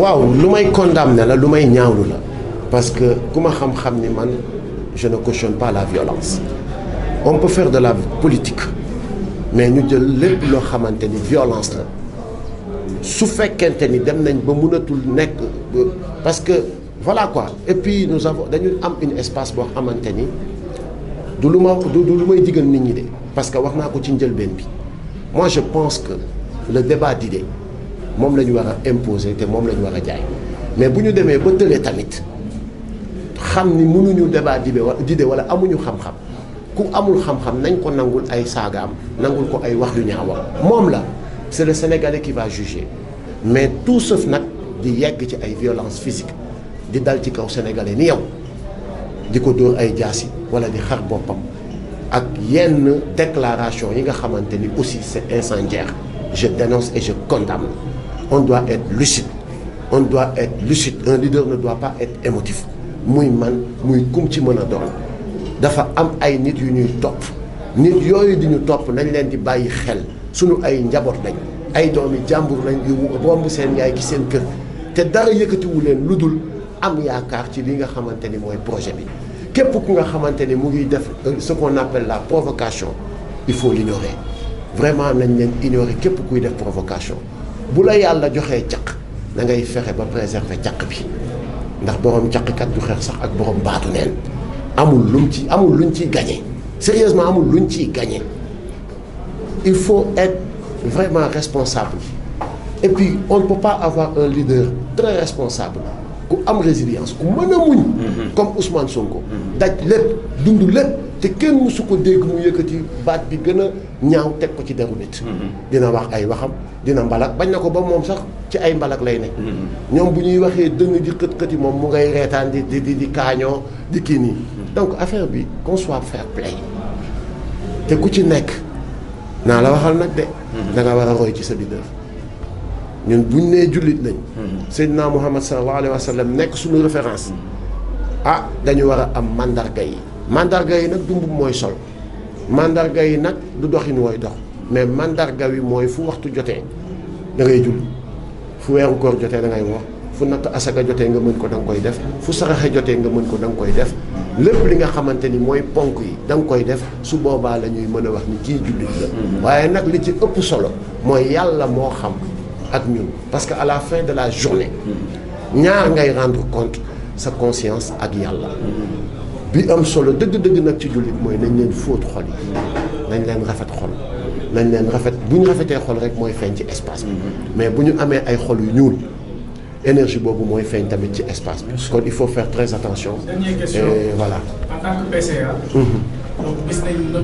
waaw lu may condamné la lu may ñaawlu la parce que ku ma xam-xam ni man je ne cautionne pas la violence on peut faire de la politique mais ñu jël lépp loo xamante ni violence la su fekkente ni dem nañ ba munatul nekk parce que voilà quoi et puis nous avons dañu am une espace boo xamante ni du lu ma du lu may digal nit ñi de parce que wax naa ko ci njëlbeen bi moi je pense que le débat d'idées moom la ñu war a imposer te moom la ñu war a jaay mais bu ñu demee ba tëlee tamit xam ni mënuñu débat di wala didé wala amuñu xam-xam ku amul xam-xam nañ ko nangul ay saagaam nangul ko ay wax yu ñaawam moom la c'est le Sénégalais qui va juger mais tout sauf nag di yegg ci ay violence physique di dal ci kaw Sénégalais ni yow di ko dóor ay jaasi wala di xar boppam ak yenn déclaration yi nga xamante ni aussi c'est incendiaire je dénonce et je condamne on doit être lucide on doit être lucide un leader ne doit pas être émotif muy man muy kum ci mën a doon dafa am ay nit yu ñuy topp nit yooyu di ñu topp nañ leen di bàyyi xel suñu ay njaboot lañ ay doomi jàmbur lañ yu romb seen yaay ci seen kër te dara yëkkatiwu leen lu dul am yaakaar ci li nga xamante ni mooy projet bi képp ku nga xamante ni mu ngi def euh, ce qu'on appelle la provocation il faut l'ignorer vraiment nañ leen ignorer képp kuy def provocation bu la yàlla joxee caq da ngay fexe ba préserver caq bi ndax borom caqkat du xeex sax ak borom baatu neen amul lum ci amul luñ ciy gagné sérieusement amul luñ ciy gañe il faut être vraiment responsable et puis on ne peut pas avoir un leader très responsable ku am résilience ku mën a muñ mhm. comme Ousmane Sonko daj lépp dund lépp te kenn mësu ko dégg mu yëkkati baat bi gën a ñaaw teg ko ci deru nit mhm. dina wax ay waxam dina mbalak bañ na ko ba moom sax ci ay mbalak lay ne mhm. ñoom bu ñuy waxee dënn di xët-xëti moom mu ngay reetaan di di di kaañoo di kii nii donc affaire bi qu'on soit play te ku ci nekk naa la waxal nag de da war a roy ci sa leader ñun buñ nee jullit lañ. Mm-hmm. Seydina Muhammad sallallahu alayhi wa sallam nekk suñu référence. Mm-hmm. ah dañu war a am mandarga yi. màndarga yi nag dumbub mooy sol. mandarga yi nag du doxin wooy dox. mais mandarga wi mooy fu waxtu jotee da ngay julli fu weeru koor jotee da ngay wax fu natt asaka jotee nga mën ko da koy def fu saraxe jotee nga mën ko da koy def mm-hmm. lépp li nga xamante ni mooy ponk yi da nga koy def su boobaa lañuy mën a wax ni kii jullit la. waaye nag li ci ëpp solo mooy yàlla moo xam. ak ñun parce que à la fin de la journée ñaar ngay rendre compte sa conscience ak yàlla bi am solo dëgg-dëgg nag ci jullit mooy nañ leen fóot xol yi nañ leen rafet xol nañ leen rafet buñ rafetee xol rek mooy feeñ ci espace bi mais bu ñu amee ay xol yu ñuul énergie boobu mooy feeñ tamit ci espace bi kon il faut faire très attention et voilà